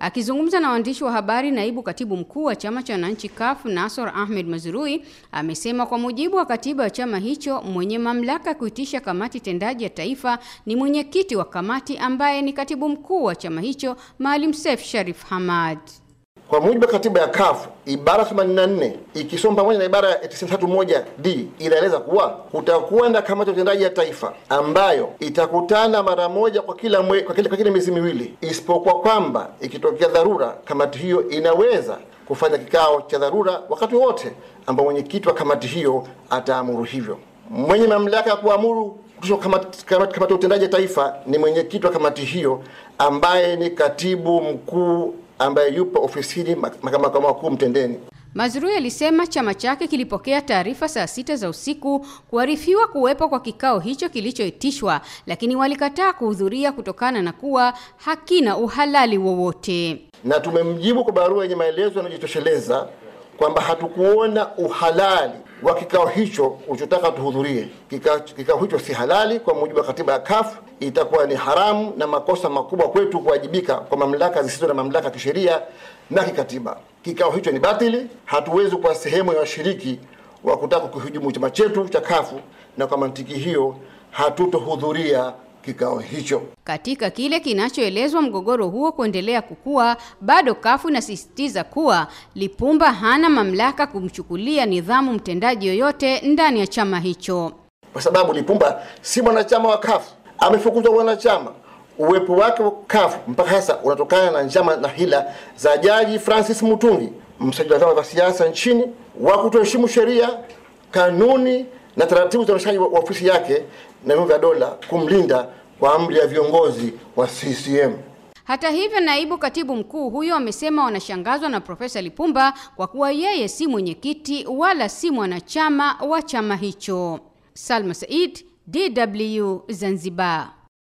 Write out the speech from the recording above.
Akizungumza na waandishi wa habari, naibu katibu mkuu wa chama cha wananchi CUF Nasor Ahmed Mazrui amesema kwa mujibu wa katiba ya chama hicho, mwenye mamlaka ya kuitisha kamati tendaji ya taifa ni mwenyekiti wa kamati ambaye ni katibu mkuu wa chama hicho Maalim Seif Sharif Hamad. Kwa mujibu wa katiba ya CUF ibara 84 ikisoma pamoja na ibara ya 93 d inaeleza kuwa kutakuwa na kamati ya utendaji ya taifa ambayo itakutana mara moja kwa kila mwe, kwa kila, kwa kila miezi miwili, isipokuwa kwamba ikitokea dharura kamati hiyo inaweza kufanya kikao cha dharura wakati wowote ambao mwenyekiti wa kamati hiyo ataamuru hivyo. Mwenye mamlaka ya kuamuru kutoka kamati, kamati, kamati ya utendaji ya taifa ni mwenyekiti wa kamati hiyo ambaye ni katibu mkuu ambaye yupo ofisini makao makuu Mtendeni. Mazrui alisema chama chake kilipokea taarifa saa sita za usiku kuarifiwa kuwepo kwa kikao hicho kilichoitishwa, lakini walikataa kuhudhuria kutokana na kuwa hakina uhalali wowote, na tumemjibu kwa barua yenye maelezo yanayojitosheleza kwamba hatukuona uhalali wa kikao hicho ulichotaka tuhudhurie. Kikao hicho si halali kwa mujibu wa katiba ya kafu itakuwa ni haramu na makosa makubwa kwetu kuwajibika kwa mamlaka zisizo na mamlaka kisheria na kikatiba. Kikao hicho ni batili, hatuwezi kuwa sehemu ya washiriki wa kutaka kuhujumu chama chetu cha kafu na kwa mantiki hiyo hatutohudhuria kikao hicho. Katika kile kinachoelezwa mgogoro huo kuendelea kukua, bado kafu inasisitiza kuwa Lipumba hana mamlaka kumchukulia nidhamu mtendaji yoyote ndani ya chama hicho, kwa sababu Lipumba si mwanachama wa kafu, amefukuzwa wanachama. Uwepo wake wa kafu mpaka sasa unatokana na njama na hila za Jaji Francis Mutungi, msajili wa vyama vya siasa nchini, wa kutoheshimu sheria, kanuni na taratibu za uendeshaji wa ofisi yake na vyombo vya dola kumlinda kwa amri ya viongozi wa CCM. Hata hivyo, naibu katibu mkuu huyo amesema wanashangazwa na Profesa Lipumba kwa kuwa yeye si mwenyekiti wala si mwanachama wa chama hicho. Salma Said, DW Zanzibar.